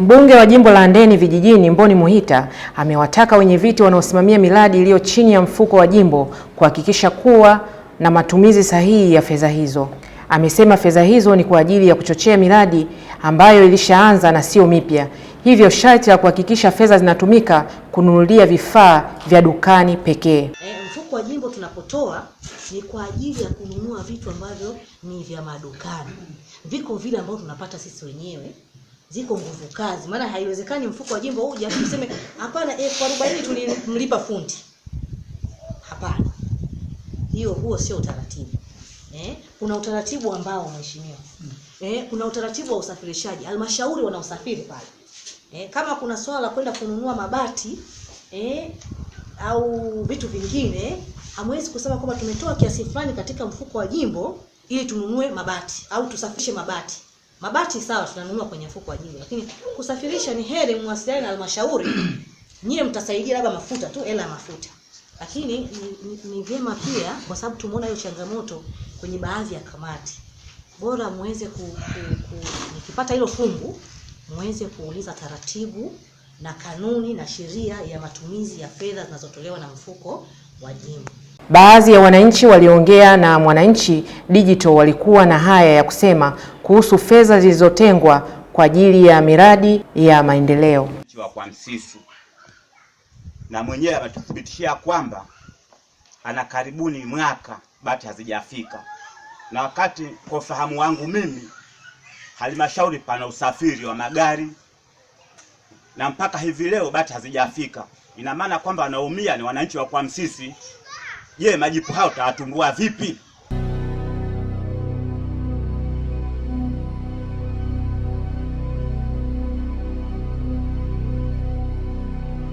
Mbunge wa jimbo la Handeni Vijijini, Mboni Muhita, amewataka wenye viti wanaosimamia miradi iliyo chini ya mfuko wa jimbo kuhakikisha kuwa na matumizi sahihi ya fedha hizo. Amesema fedha hizo ni kwa ajili ya kuchochea miradi ambayo ilishaanza na sio mipya, hivyo sharti la kuhakikisha fedha zinatumika kununulia vifaa vya dukani pekee. E, mfuko wa jimbo tunapotoa ni kwa ajili ya kununua vitu ambavyo ni vya madukani, viko vile ambavyo tunapata sisi wenyewe ziko nguvu kazi, maana haiwezekani mfuko wa jimbo uje afu useme hapana, elfu eh, arobaini tulimlipa fundi. Hapana, hiyo huo sio utaratibu eh. Kuna utaratibu ambao mheshimiwa eh, kuna utaratibu wa usafirishaji, halmashauri wanaosafiri pale eh, kama kuna swala kwenda kununua mabati eh, au vitu vingine, hamwezi kusema kwamba tumetoa kiasi fulani katika mfuko wa jimbo ili tununue mabati au tusafirishe mabati Mabati sawa tunanunua kwenye mfuko wa jiji, lakini kusafirisha ni heri muwasiliane na halmashauri. Nyie mtasaidia labda mafuta tu, hela ya mafuta. Lakini ni, ni, ni vyema pia kwa sababu tumeona hiyo changamoto kwenye baadhi ya kamati. Bora muweze ku, ku, ku nikipata hilo fungu muweze kuuliza taratibu na kanuni na sheria ya matumizi ya fedha zinazotolewa na mfuko wa jimbo. Baadhi ya wananchi waliongea na Mwananchi Digital walikuwa na haya ya kusema kuhusu fedha zilizotengwa kwa ajili ya miradi ya maendeleo. Kwa Msisi na mwenyewe ametuthibitishia kwamba ana karibuni mwaka bati hazijafika, na wakati kwa ufahamu wangu mimi halmashauri pana usafiri wa magari na mpaka hivi leo bati hazijafika. Ina maana kwamba wanaumia ni wananchi wa Kwa Msisi. Je, majipu hayo utawatumbua vipi?